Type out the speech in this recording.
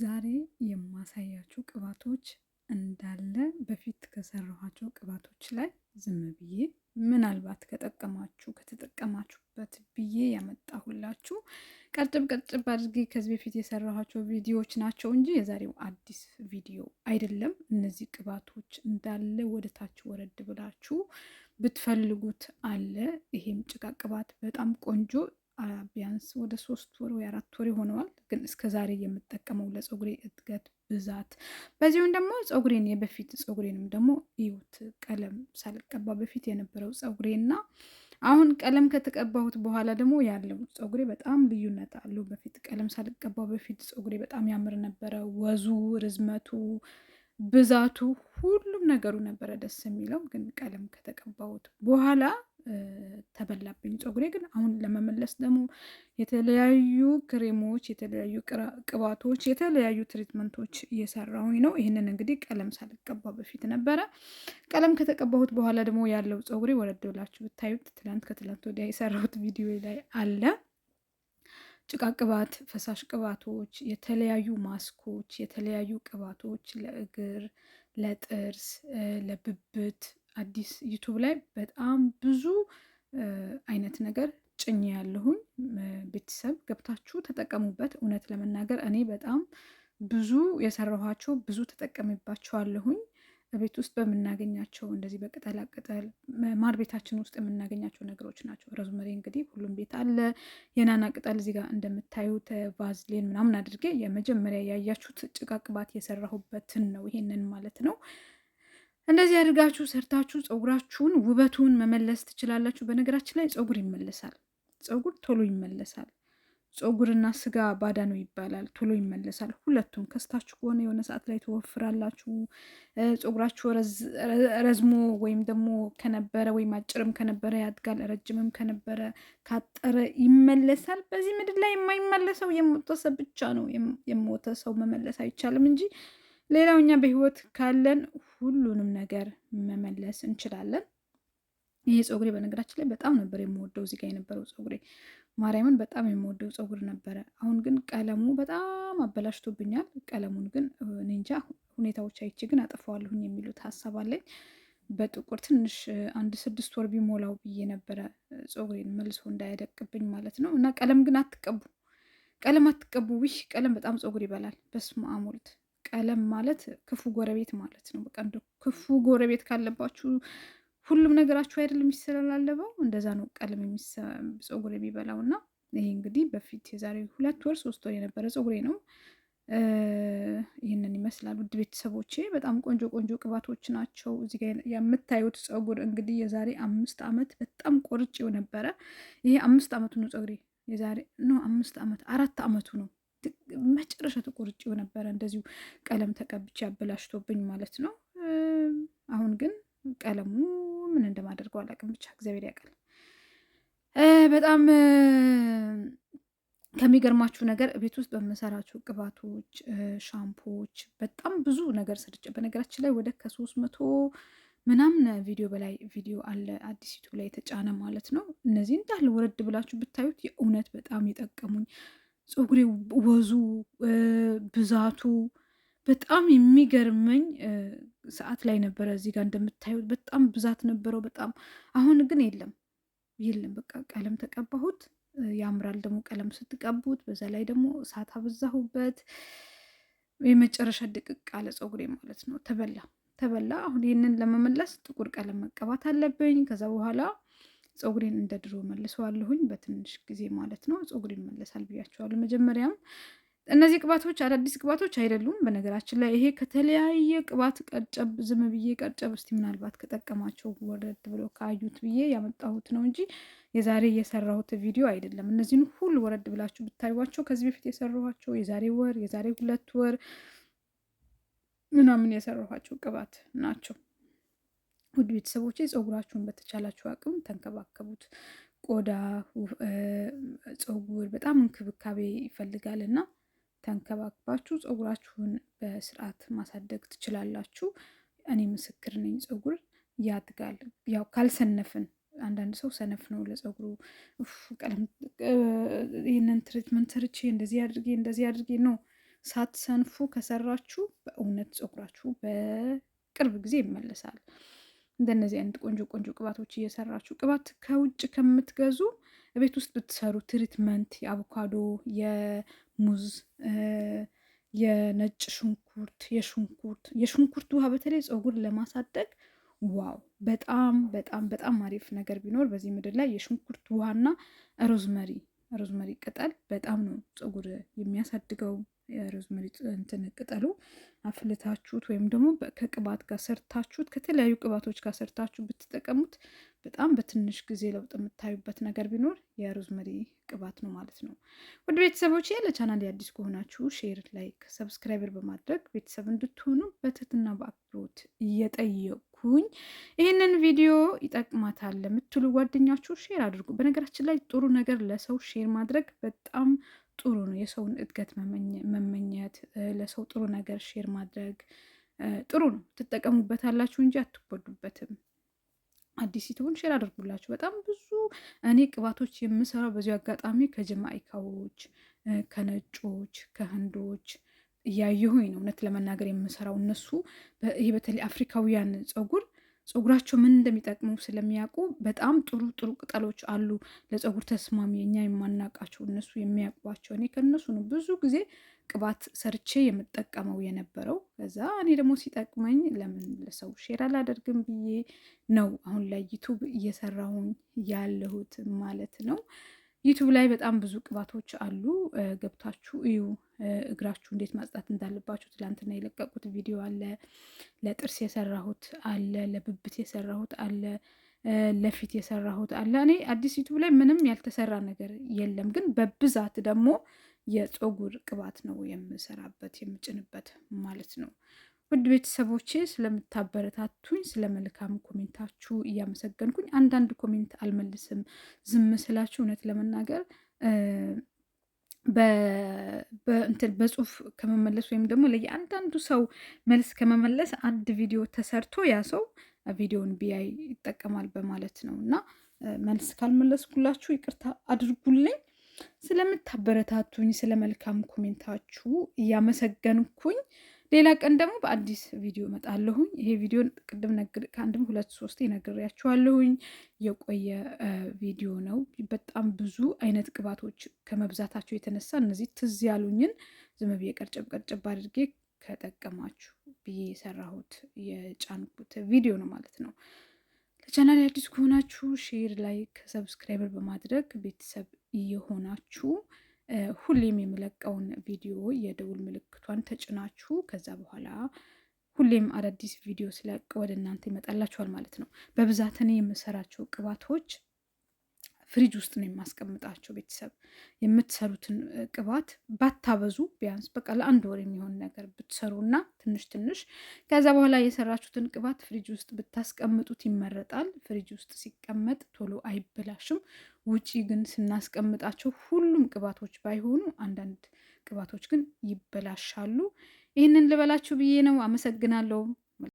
ዛሬ የማሳያችሁ ቅባቶች እንዳለ በፊት ከሰራኋቸው ቅባቶች ላይ ዝም ብዬ ምናልባት ከጠቀማችሁ ከተጠቀማችሁበት ብዬ ያመጣሁላችሁ ቀርጭብ ቀርጭብ አድርጌ ከዚህ በፊት የሰራኋቸው ቪዲዮዎች ናቸው እንጂ የዛሬው አዲስ ቪዲዮ አይደለም። እነዚህ ቅባቶች እንዳለ ወደታች ወረድ ብላችሁ ብትፈልጉት አለ። ይሄም ጭቃ ቅባት በጣም ቆንጆ ቢያንስ ወደ ሶስት ወር ወይ አራት ወር ይሆነዋል። ግን እስከ ዛሬ የምጠቀመው ለፀጉሬ እድገት ብዛት፣ በዚሁም ደግሞ ፀጉሬን የበፊት ፀጉሬንም ደግሞ እዩት። ቀለም ሳልቀባ በፊት የነበረው ፀጉሬና አሁን ቀለም ከተቀባሁት በኋላ ደግሞ ያለው ፀጉሬ በጣም ልዩነት አለው። በፊት ቀለም ሳልቀባው በፊት ፀጉሬ በጣም ያምር ነበረ። ወዙ፣ ርዝመቱ፣ ብዛቱ ሁሉም ነገሩ ነበረ ደስ የሚለው። ግን ቀለም ከተቀባሁት በኋላ ተበላብኝ ፀጉሬ። ግን አሁን ለመመለስ ደግሞ የተለያዩ ክሬሞች፣ የተለያዩ ቅባቶች፣ የተለያዩ ትሪትመንቶች እየሰራሁኝ ነው። ይህንን እንግዲህ ቀለም ሳልቀባ በፊት ነበረ። ቀለም ከተቀባሁት በኋላ ደግሞ ያለው ፀጉሬ ወረድ ብላችሁ ብታዩት ትላንት ከትላንት ወዲያ የሰራሁት ቪዲዮ ላይ አለ። ጭቃ ቅባት፣ ፈሳሽ ቅባቶች፣ የተለያዩ ማስኮች፣ የተለያዩ ቅባቶች ለእግር፣ ለጥርስ፣ ለብብት አዲስ ዩቱብ ላይ በጣም ብዙ አይነት ነገር ጭኝ ያለሁኝ ቤተሰብ ገብታችሁ ተጠቀሙበት። እውነት ለመናገር እኔ በጣም ብዙ የሰራኋቸው ብዙ ተጠቀሚባቸዋለሁኝ። ቤት ውስጥ በምናገኛቸው እንደዚህ በቅጠላቅጠል ቅጠል ማር ቤታችን ውስጥ የምናገኛቸው ነገሮች ናቸው። ረዝመሪ እንግዲህ ሁሉም ቤት አለ። የናና ቅጠል እዚህ ጋር እንደምታዩት ቫዝሊን ምናምን አድርጌ የመጀመሪያ ያያችሁት ጭቃ ቅባት የሰራሁበትን ነው። ይሄንን ማለት ነው። እንደዚህ አድርጋችሁ ሰርታችሁ ፀጉራችሁን ውበቱን መመለስ ትችላላችሁ። በነገራችን ላይ ፀጉር ይመለሳል። ፀጉር ቶሎ ይመለሳል። ፀጉርና ስጋ ባዳ ነው ይባላል። ቶሎ ይመለሳል። ሁለቱም ከስታችሁ ከሆነ የሆነ ሰዓት ላይ ትወፍራላችሁ። ፀጉራችሁ ረዝሞ ወይም ደግሞ ከነበረ ወይም አጭርም ከነበረ ያድጋል፣ ረጅምም ከነበረ ካጠረ ይመለሳል። በዚህ ምድር ላይ የማይመለሰው የሞተ ሰው ብቻ ነው። የሞተ ሰው መመለስ አይቻልም እንጂ ሌላው እኛ በህይወት ካለን ሁሉንም ነገር መመለስ እንችላለን። ይሄ ፀጉሬ በነገራችን ላይ በጣም ነበር የምወደው። እዚህ ጋር የነበረው ፀጉሬ ማርያምን በጣም የምወደው ፀጉር ነበረ። አሁን ግን ቀለሙ በጣም አበላሽቶብኛል። ቀለሙን ግን እንጃ ሁኔታዎች አይቼ ግን አጠፋዋለሁኝ የሚሉት ሀሳብ አለኝ። በጥቁር ትንሽ አንድ ስድስት ወር ቢሞላው ብዬ ነበረ ፀጉሬን መልሶ እንዳያደቅብኝ ማለት ነው። እና ቀለም ግን አትቀቡ፣ ቀለም አትቀቡ። ቀለም በጣም ፀጉር ይበላል። በስመ አብ ቀለም ማለት ክፉ ጎረቤት ማለት ነው። በቃ ክፉ ጎረቤት ካለባችሁ ሁሉም ነገራችሁ አይደለም የሚሰላለበው፣ እንደዛ ነው ቀለም ፀጉር የሚበላው እና ይሄ እንግዲህ በፊት የዛሬ ሁለት ወር ሶስት ወር የነበረ ፀጉሬ ነው። ይህንን ይመስላል ውድ ቤተሰቦቼ። በጣም ቆንጆ ቆንጆ ቅባቶች ናቸው እዚህ የምታዩት ጸጉር እንግዲህ የዛሬ አምስት ዓመት በጣም ቆርጬው ነበረ። ይሄ አምስት ዓመቱ ነው ጸጉሬ የዛሬ ነው አምስት ዓመት አራት ዓመቱ ነው መጨረሻ ተቆርጬው ነበረ እንደዚሁ ቀለም ተቀብቼ አበላሽቶብኝ ማለት ነው። አሁን ግን ቀለሙ ምን እንደማደርገው አላውቅም፣ ብቻ እግዚአብሔር ያውቃል። በጣም ከሚገርማችሁ ነገር ቤት ውስጥ በምሰራቸው ቅባቶች፣ ሻምፖዎች በጣም ብዙ ነገር ስርጭ በነገራችን ላይ ወደ ከሶስት መቶ ምናምን ቪዲዮ በላይ ቪዲዮ አለ አዲስ ዩቱብ ላይ የተጫነ ማለት ነው። እነዚህ እንዳለ ወረድ ብላችሁ ብታዩት የእውነት በጣም የጠቀሙኝ ፀጉሬ ወዙ ብዛቱ በጣም የሚገርመኝ ሰዓት ላይ ነበረ። እዚህ ጋር እንደምታዩት በጣም ብዛት ነበረው። በጣም አሁን ግን የለም የለም። በቃ ቀለም ተቀባሁት፣ ያምራል። ደግሞ ቀለም ስትቀቡት፣ በዛ ላይ ደግሞ እሳት አበዛሁበት። የመጨረሻ ድቅቅ አለ ፀጉሬ ማለት ነው። ተበላ ተበላ። አሁን ይህንን ለመመለስ ጥቁር ቀለም መቀባት አለብኝ። ከዛ በኋላ ፀጉሬን እንደ ድሮ መልሰዋለሁኝ በትንሽ ጊዜ ማለት ነው። ፀጉር ይመለሳል ብያቸዋለሁ። መጀመሪያም እነዚህ ቅባቶች አዳዲስ ቅባቶች አይደሉም። በነገራችን ላይ ይሄ ከተለያየ ቅባት ቀጨብ ዝም ብዬ ቀጨብ እስቲ ምናልባት ከጠቀማቸው ወረድ ብሎ ካዩት ብዬ ያመጣሁት ነው እንጂ የዛሬ የሰራሁት ቪዲዮ አይደለም። እነዚህን ሁሉ ወረድ ብላችሁ ብታዩቸው ከዚህ በፊት የሰራኋቸው የዛሬ ወር፣ የዛሬ ሁለት ወር ምናምን የሰራኋቸው ቅባት ናቸው። ውድ ቤተሰቦች ፀጉራችሁን በተቻላችሁ አቅም ተንከባከቡት። ቆዳ፣ ፀጉር በጣም እንክብካቤ ይፈልጋል እና ተንከባክባችሁ ፀጉራችሁን በስርዓት ማሳደግ ትችላላችሁ። እኔ ምስክር ነኝ። ፀጉር ያድጋል፣ ያው ካልሰነፍን። አንዳንድ ሰው ሰነፍ ነው ለፀጉሩ ይህንን ትሪትመንት ሰርቼ እንደዚህ አድርጌ እንደዚህ አድርጌ ነው። ሳትሰንፉ ከሰራችሁ በእውነት ፀጉራችሁ በቅርብ ጊዜ ይመለሳል። እንደነዚህ አይነት ቆንጆ ቆንጆ ቅባቶች እየሰራችሁ ቅባት ከውጭ ከምትገዙ ቤት ውስጥ ብትሰሩ ትሪትመንት የአቮካዶ፣ የሙዝ፣ የነጭ ሽንኩርት፣ የሽንኩርት የሽንኩርት ውሃ በተለይ ፀጉር ለማሳደግ ዋው በጣም በጣም በጣም አሪፍ ነገር ቢኖር በዚህ ምድር ላይ የሽንኩርት ውሃና ሮዝመሪ ሮዝመሪ ቅጠል በጣም ነው ፀጉር የሚያሳድገው። የሮዝመሪ እንትን ቅጠሉ አፍልታችሁት ወይም ደግሞ ከቅባት ጋር ሰርታችሁት ከተለያዩ ቅባቶች ጋር ሰርታችሁ ብትጠቀሙት በጣም በትንሽ ጊዜ ለውጥ የምታዩበት ነገር ቢኖር የሮዝመሪ ቅባት ነው ማለት ነው። ወደ ቤተሰቦች ለቻናል አዲስ ከሆናችሁ ሼር፣ ላይክ፣ ሰብስክራይበር በማድረግ ቤተሰብ እንድትሆኑ በትህትና በአክብሮት እየጠየኩኝ ይህንን ቪዲዮ ይጠቅማታል ለምትሉ ጓደኛችሁ ሼር አድርጉ። በነገራችን ላይ ጥሩ ነገር ለሰው ሼር ማድረግ በጣም ጥሩ ነው። የሰውን እድገት መመኘት፣ ለሰው ጥሩ ነገር ሼር ማድረግ ጥሩ ነው። ትጠቀሙበታላችሁ እንጂ አትጎዱበትም። አዲስ ሲትሆን ሼር አድርጉላችሁ። በጣም ብዙ እኔ ቅባቶች የምሰራው በዚሁ አጋጣሚ ከጀማይካዎች፣ ከነጮች፣ ከህንዶች እያየሁኝ ነው እውነት ለመናገር የምሰራው እነሱ ይህ በተለይ አፍሪካውያን ፀጉር ፀጉራቸው ምን እንደሚጠቅሙ ስለሚያውቁ በጣም ጥሩ ጥሩ ቅጠሎች አሉ ለፀጉር ተስማሚ እኛ የማናውቃቸው እነሱ የሚያውቋቸው። እኔ ከነሱ ነው ብዙ ጊዜ ቅባት ሰርቼ የምጠቀመው የነበረው። ከዛ እኔ ደግሞ ሲጠቅመኝ ለምን ለሰው ሼር አላደርግም ብዬ ነው አሁን ላይ ዩቱብ እየሰራሁኝ ያለሁት ማለት ነው። ዩቱብ ላይ በጣም ብዙ ቅባቶች አሉ፣ ገብታችሁ እዩ። እግራችሁ እንዴት ማጽዳት እንዳለባችሁ ትላንትና የለቀቁት ቪዲዮ አለ፣ ለጥርስ የሰራሁት አለ፣ ለብብት የሰራሁት አለ፣ ለፊት የሰራሁት አለ። እኔ አዲስ ዩቱብ ላይ ምንም ያልተሰራ ነገር የለም፣ ግን በብዛት ደግሞ የፀጉር ቅባት ነው የምሰራበት የምጭንበት ማለት ነው። ውድ ቤተሰቦቼ ስለምታበረታቱኝ ስለ መልካም ኮሜንታችሁ እያመሰገንኩኝ፣ አንዳንድ ኮሜንት አልመልስም ዝም ስላችሁ እውነት ለመናገር በጽሁፍ ከመመለስ ወይም ደግሞ ለየአንዳንዱ ሰው መልስ ከመመለስ አንድ ቪዲዮ ተሰርቶ ያ ሰው ቪዲዮውን ቢያይ ይጠቀማል በማለት ነው እና መልስ ካልመለስኩላችሁ ይቅርታ አድርጉልኝ። ስለምታበረታቱኝ ስለ መልካም ኮሜንታችሁ እያመሰገንኩኝ ሌላ ቀን ደግሞ በአዲስ ቪዲዮ እመጣለሁኝ። ይሄ ቪዲዮን ቅድም ከአንድም ሁለት ሶስት ነግሬያችኋለሁኝ። የቆየ ቪዲዮ ነው። በጣም ብዙ አይነት ቅባቶች ከመብዛታቸው የተነሳ እነዚህ ትዝ ያሉኝን ዝም ብዬ ቀርጨብ ቀርጨብ አድርጌ ከጠቀማችሁ ብዬ የሰራሁት የጫንኩት ቪዲዮ ነው ማለት ነው። ለቻናል አዲስ ከሆናችሁ ሼር፣ ላይክ፣ ሰብስክራይበር በማድረግ ቤተሰብ እየሆናችሁ ሁሌም የምለቀውን ቪዲዮ የደውል ምልክቷን ተጭናችሁ ከዛ በኋላ ሁሌም አዳዲስ ቪዲዮ ስለቅ ወደ እናንተ ይመጣላችኋል ማለት ነው። በብዛት እኔ የምሰራቸው ቅባቶች ፍሪጅ ውስጥ ነው የማስቀምጣቸው። ቤተሰብ የምትሰሩትን ቅባት ባታበዙ ቢያንስ በቃ ለአንድ ወር የሚሆን ነገር ብትሰሩና ትንሽ ትንሽ ከዛ በኋላ የሰራችሁትን ቅባት ፍሪጅ ውስጥ ብታስቀምጡት ይመረጣል። ፍሪጅ ውስጥ ሲቀመጥ ቶሎ አይበላሽም። ውጪ ግን ስናስቀምጣቸው ሁሉም ቅባቶች ባይሆኑ አንዳንድ ቅባቶች ግን ይበላሻሉ። ይህንን ልበላችሁ ብዬ ነው። አመሰግናለሁ።